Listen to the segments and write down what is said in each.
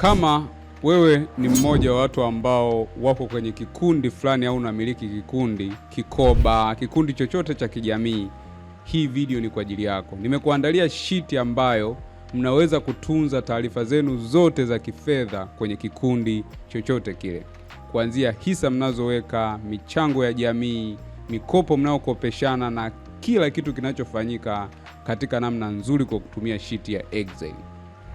Kama wewe ni mmoja wa watu ambao wako kwenye kikundi fulani au unamiliki kikundi, kikoba, kikundi chochote cha kijamii, hii video ni kwa ajili yako. Nimekuandalia shiti ambayo mnaweza kutunza taarifa zenu zote za kifedha kwenye kikundi chochote kile, kuanzia hisa mnazoweka, michango ya jamii, mikopo mnayokopeshana na kila kitu kinachofanyika katika namna nzuri kwa kutumia shiti ya Excel.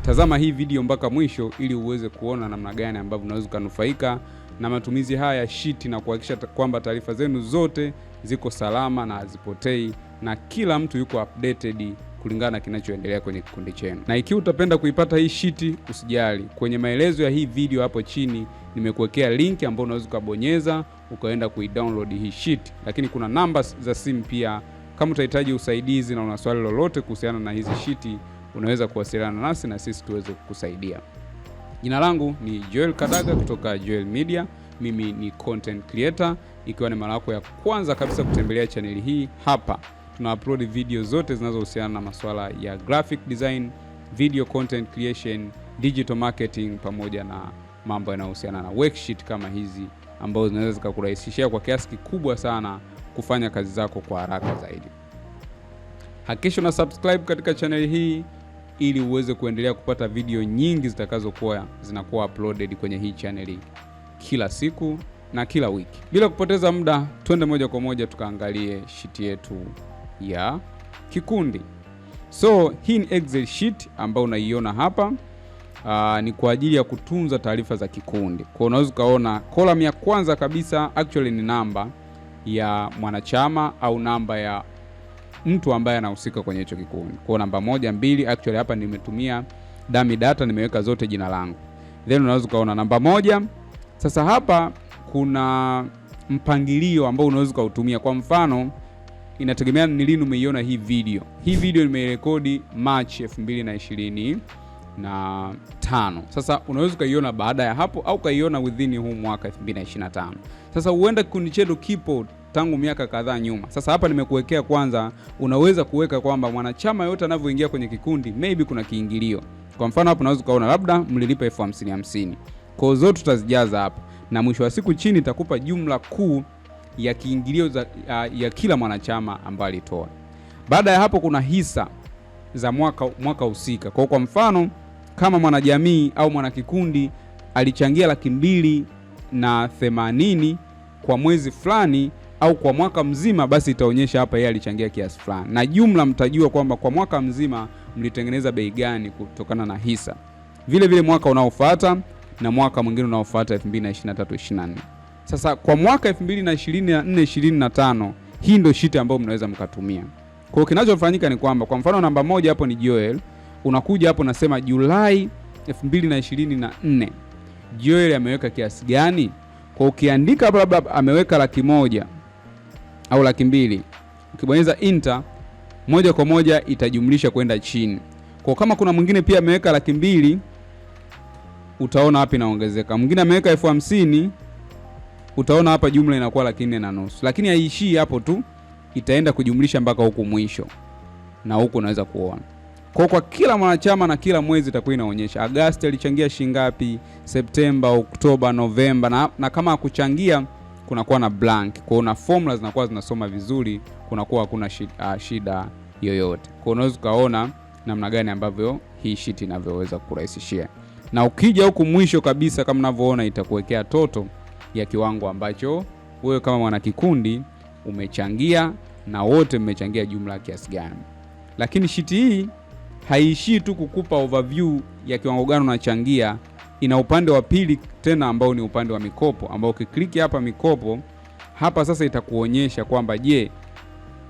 Tazama hii video mpaka mwisho ili uweze kuona namna gani ambavyo unaweza ukanufaika na matumizi haya ya shiti na kuhakikisha kwamba taarifa zenu zote ziko salama na hazipotei na kila mtu yuko updated kulingana na kinachoendelea kwenye kikundi chenu. Na ikiwa utapenda kuipata hii shiti, usijali, kwenye maelezo ya hii video hapo chini nimekuwekea link ambayo unaweza ukabonyeza ukaenda kuidownload hii shiti, lakini kuna namba za simu pia kama utahitaji usaidizi na una swali lolote kuhusiana na hizi shiti unaweza kuwasiliana nasi na sisi tuweze kukusaidia. Jina langu ni Joel Kadaga kutoka Joel Media. Mimi ni content creator. Ikiwa ni mara yako ya kwanza kabisa kutembelea chaneli hii, hapa tuna upload video zote zinazohusiana na masuala ya graphic design, video content creation, digital marketing pamoja na mambo yanayohusiana na worksheet kama hizi ambazo zinaweza zikakurahisishia kwa kiasi kikubwa sana kufanya kazi zako kwa haraka zaidi. Hakikisha una subscribe katika chaneli hii ili uweze kuendelea kupata video nyingi zitakazokuwa zinakuwa uploaded kwenye hii channel kila siku na kila wiki. Bila kupoteza muda, twende moja kwa moja tukaangalie sheet yetu ya kikundi. So hii ni Excel sheet ambayo unaiona hapa. Aa, ah, ni kwa ajili ya kutunza taarifa za kikundi. Kwa unaweza ukaona column ya kwanza kabisa actually ni namba ya mwanachama au namba ya mtu ambaye anahusika kwenye hicho kikundi. Kwa namba moja, mbili, actually hapa nimetumia dummy data, nimeweka zote jina langu, then unaweza ukaona namba moja. Sasa hapa kuna mpangilio ambao unaweza ukautumia. Kwa mfano, inategemea ni lini umeiona hii video. Hii video nimerekodi March 2020 na tano. Sasa unaweza ukaiona baada ya hapo au ukaiona within huu mwaka 2025. Sasa huenda kikundi chetu kipo tangu miaka kadhaa nyuma. Sasa hapa nimekuwekea kwanza, unaweza kuweka kwamba mwanachama yote anavyoingia kwenye kikundi maybe kuna kiingilio. Kwa mfano hapo unaweza ukaona labda mlilipa elfu hamsini hamsini. Kwa zote tutazijaza hapa na mwisho wa siku chini itakupa jumla kuu ya kiingilio za, ya, ya kila mwanachama ambaye alitoa. Baada ya hapo kuna hisa za mwaka mwaka husika. Kwa kwa mfano kama mwanajamii au mwanakikundi alichangia laki mbili na themanini kwa mwezi fulani au kwa mwaka mzima, basi itaonyesha hapa yeye alichangia kiasi fulani, na jumla mtajua kwamba kwa mwaka mzima mlitengeneza bei gani kutokana na hisa, vile vile mwaka unaofuata na mwaka mwingine unaofuata 2023 24. Sasa kwa mwaka 2024 25 hii ndio shiti ambayo mnaweza mkatumia. Kwa hiyo kinachofanyika ni kwamba, kwa mfano namba moja hapo ni Joel, unakuja hapo nasema Julai 2024 Joel ameweka kiasi gani? Kwa ukiandika labda ameweka laki moja au laki mbili. Ukibonyeza inter moja kwa moja itajumlisha kwenda chini. Kwa kama kuna mwingine pia ameweka laki mbili utaona hapa inaongezeka. Mwingine ameweka elfu hamsini utaona hapa jumla inakuwa laki nne na nusu, lakini haiishii hapo tu, itaenda kujumlisha mpaka huku mwisho, na huku unaweza kuona kwa kwa kila mwanachama na kila mwezi itakuwa inaonyesha agasti alichangia shilingi ngapi, Septemba, Oktoba, Novemba na, na kama akuchangia kunakuwa na blank, kwao na formula zinakuwa zinasoma vizuri, kunakuwa hakuna shida, uh, shida yoyote. Kwa unaweza ukaona namna gani ambavyo hii sheet inavyoweza kurahisishia, na ukija huku mwisho kabisa, kama unavyoona itakuwekea toto ya kiwango ambacho wewe kama mwanakikundi umechangia na wote mmechangia jumla kiasi gani. Lakini shiti hii haiishii tu kukupa overview ya kiwango gani unachangia ina upande wa pili tena ambao ni upande wa mikopo, ambao ukikliki hapa mikopo, hapa sasa itakuonyesha kwamba je,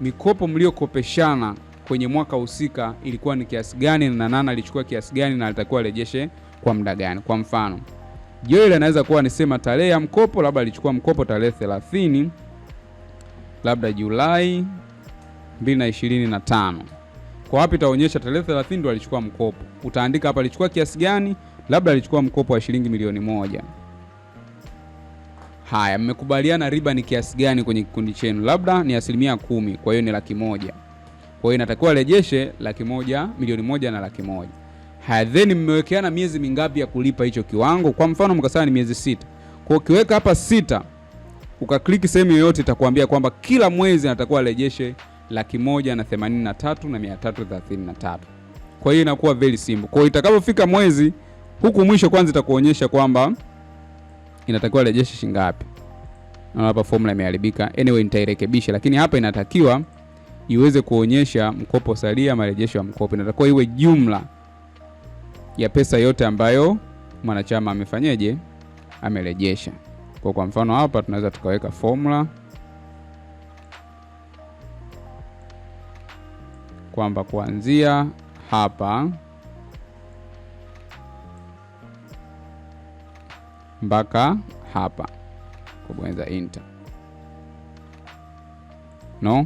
mikopo mliokopeshana kwenye mwaka husika ilikuwa ni kiasi gani na nana alichukua kiasi gani na alitakiwa arejeshe kwa muda gani. Kwa mfano Joel anaweza kuwa anasema tarehe ya mkopo, labda alichukua mkopo tarehe 30 labda Julai 2025. Kwa wapi itaonyesha tarehe 30 ndo alichukua mkopo. Utaandika hapa alichukua kiasi gani labda alichukua mkopo wa shilingi milioni moja. Haya, mmekubaliana riba ni kiasi gani kwenye kikundi chenu? Labda ni asilimia kumi, kwa hiyo ni laki moja. Kwa hiyo inatakiwa arejeshe laki moja, milioni moja na laki moja. Haya, then mmewekeana miezi mingapi ya kulipa hicho kiwango? Kwa mfano mkasema ni miezi sita, kwa ukiweka hapa sita ukakliki sehemu yoyote itakuambia kwamba kila mwezi natakuwa arejeshe laki moja na themanini na tatu na mia tatu thelathini na tatu. Kwa hiyo inakuwa very simple. Kwa hiyo itakapofika mwezi Huku mwisho kwanza itakuonyesha kwamba inatakiwa rejeshe shingapi Naona hapa formula imeharibika. Anyway, nitairekebisha, lakini hapa inatakiwa iweze kuonyesha mkopo salia, marejesho ya mkopo. Inatakiwa iwe jumla ya pesa yote ambayo mwanachama amefanyeje, amerejesha. Kwa kwa mfano hapa tunaweza tukaweka formula kwamba kuanzia hapa mpaka hapa, kubonyeza enter. No,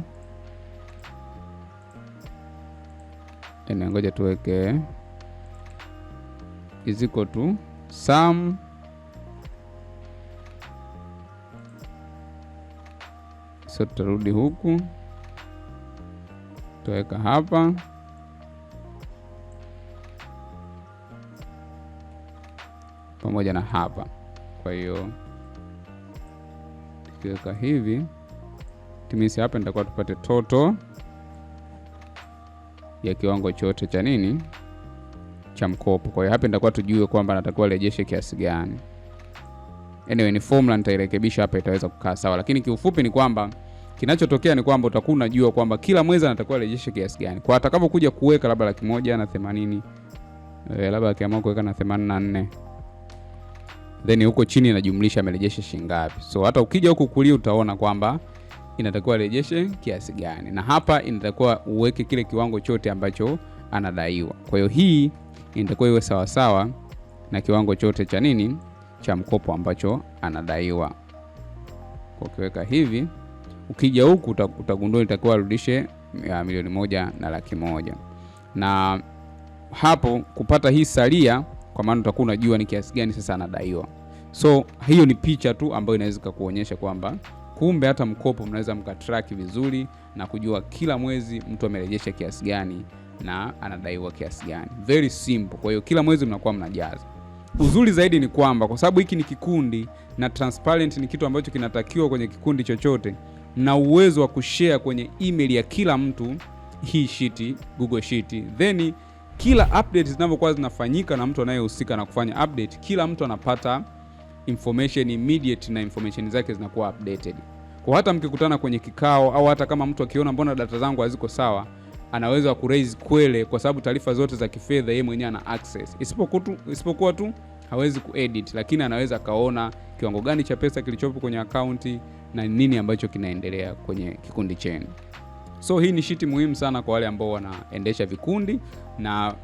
ngoja tuweke iziko tu sum So tutarudi huku, tuweka hapa pamoja na hapa. Kwa hiyo tukiweka hivi timisi hapa, nitakuwa tupate toto ya kiwango chote cha nini cha mkopo. Kwa hiyo hapa nitakuwa tujue kwamba natakiwa rejeshe kiasi gani. Anyway, ni formula nitairekebisha hapa itaweza kukaa sawa, lakini kiufupi ni kwamba kinachotokea ni kwamba utakuwa unajua kwamba kila mwezi anatakiwa rejeshe kiasi gani, kwa atakapokuja kuweka labda laki moja na themanini, eh, labda akiamua kuweka na themanini na nne then huko chini inajumlisha amerejesha shilingi ngapi. So hata ukija huku kulia utaona kwamba inatakiwa arejeshe kiasi gani, na hapa inatakiwa uweke kile kiwango chote ambacho anadaiwa. Kwa hiyo hii inatakiwa iwe sawasawa na kiwango chote cha nini cha mkopo ambacho anadaiwa. Kwa ukiweka hivi, ukija huku utagundua inatakiwa arudishe milioni moja na laki moja na hapo kupata hii salia, kwa maana utakuwa unajua ni kiasi gani sasa anadaiwa. So hiyo ni picha tu ambayo inaweza kuonyesha kwamba kumbe hata mkopo mnaweza mkatrack vizuri na kujua kila mwezi mtu amerejesha kiasi gani na anadaiwa kiasi gani. Very simple. Kwa hiyo kila mwezi mnakuwa mnajaza. Uzuri zaidi ni kwamba kwa sababu hiki ni kikundi na transparent ni kitu ambacho kinatakiwa kwenye kikundi chochote, mna uwezo wa kushare kwenye email ya kila mtu hii shiti, Google Sheet. Then kila update zinavyokuwa zinafanyika na mtu anayehusika na kufanya update, kila mtu anapata information immediate na information zake zinakuwa updated. Kwa hata mkikutana kwenye kikao au hata kama mtu akiona mbona data zangu haziko sawa, anaweza raise kwele, kwa sababu taarifa zote za kifedha yeye mwenyewe ana access, isipokuwa tu hawezi edit, lakini anaweza akaona kiwango gani cha pesa kilichopo kwenye akaunti na nini ambacho kinaendelea kwenye kikundi chenu. So hii ni shiti muhimu sana kwa wale ambao wanaendesha vikundi, na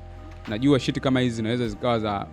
najua shiti kama hizi zinaweza zikawa za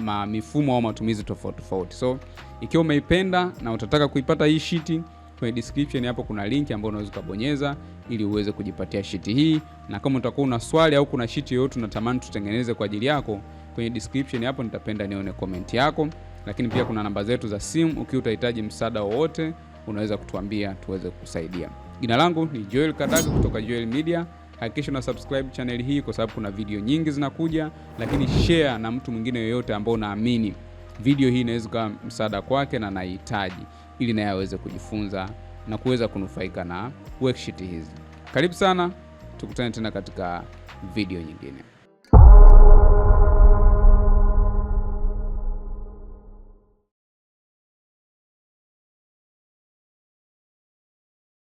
ma mifumo au matumizi tofauti tofauti. So ikiwa umeipenda na utataka kuipata hii shiti kwenye description hapo kuna link ambayo unaweza ukabonyeza ili uweze kujipatia shiti hii, na kama utakuwa una swali au kuna shiti yoyote unatamani tutengeneze kwa ajili yako, kwenye description hapo nitapenda nione comment yako. Lakini pia kuna namba zetu za simu, ukiwa utahitaji msaada wowote unaweza kutuambia tuweze kukusaidia. Jina langu ni Joel Kadaga kutoka Joel Media hakikisha una subscribe channel hii kwa sababu kuna video nyingi zinakuja, lakini share na mtu mwingine yoyote ambao unaamini video hii inaweza kuwa msaada kwake na anahitaji, ili naye aweze kujifunza na kuweza kunufaika na worksheet hizi. Karibu sana, tukutane tena katika video nyingine.